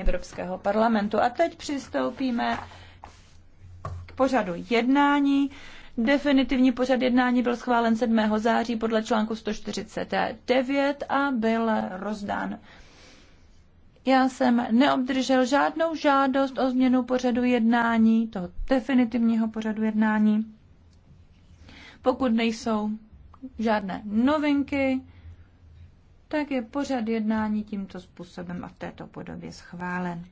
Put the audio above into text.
Evropského parlamentu. A teď přistoupíme k pořadu jednání. Definitivní pořad jednání byl schválen 7. září podle článku 149 a byl rozdán. Já jsem neobdržel žádnou žádost o změnu pořadu jednání, toho definitivního pořadu jednání. Pokud nejsou žádné novinky, tak je pořad jednání tímto způsobem a v této podobě schválen.